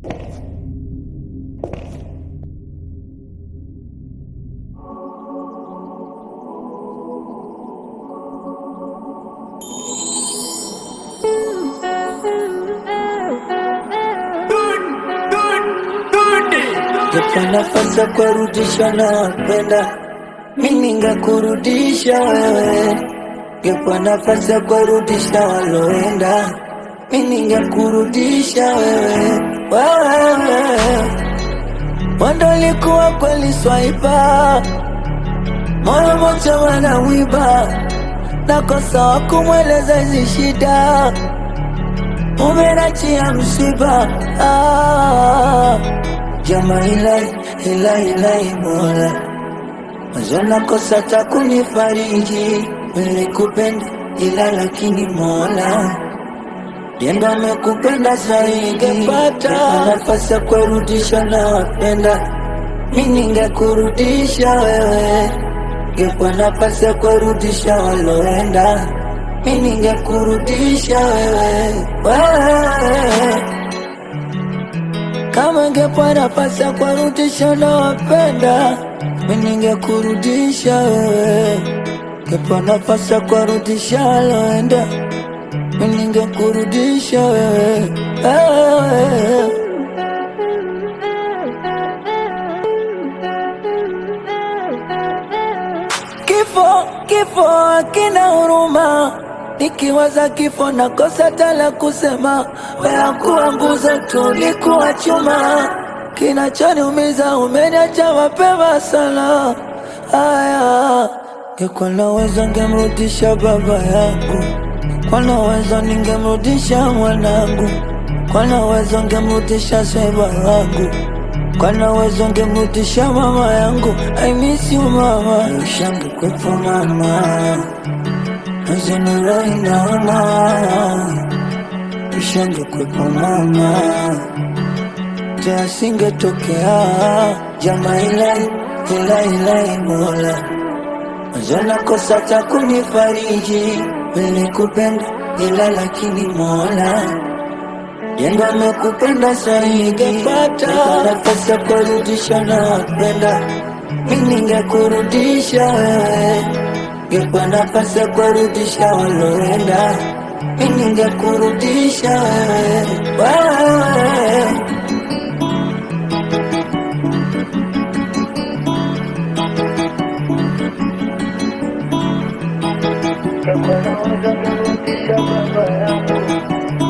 Nipa nafasi ya kurudisha na wapenda mimi ngakurudisha wewe, nipa nafasi ya kurudisha waloenda mimi kurudisha wewe kuwa kweli swaiba, mara moja na kosa wa kumweleza hizi shida, umenachia msiba ah. Jama ilai ilahi ilahi Mola, taku nakosa takunifariji, kupenda ila lakini Mola Yenda mekupenda zaidi, ningepata nafasi ya kurudisha na wapenda mimi ningekurudisha wewe, ingekuwa nafasi ya kurudisha waloenda, Mi ningekurudisha wewe, wewe kama ingekuwa nafasi ya kurudisha nawapenda mimi ningekurudisha wewe, ingekuwa nafasi ya kurudisha waloenda, mimi ningekurudisha wewe, wewe Kifo, kifo hakina huruma, nikiwaza kifo nakosa tala kusema. Wewe kuwa nguzo tu, nikuwa chuma, kinachoniumiza umeniacha mapema sana. Aya, ningekuwa naweza ngemrudisha baba yangu, kwa naweza ningemrudisha mwanangu, kwa naweza ngemrudisha seba wangu Kana uwezo ngemutisha mama yangu, I miss you mama, ushange kwepo mama, nazenirai naona, ushange kwepo mama, tokea jama ilai ilai ilai Mola, Zona kosa cha kunifariji, nilikupenda ila lakini Mola Yendo amekupenda sahi, nafasi ya kurudisha na kupenda mimi, ningekurudisha ngepa nafasi ya kurudisha waloenda, mimi ningekurudisha wewe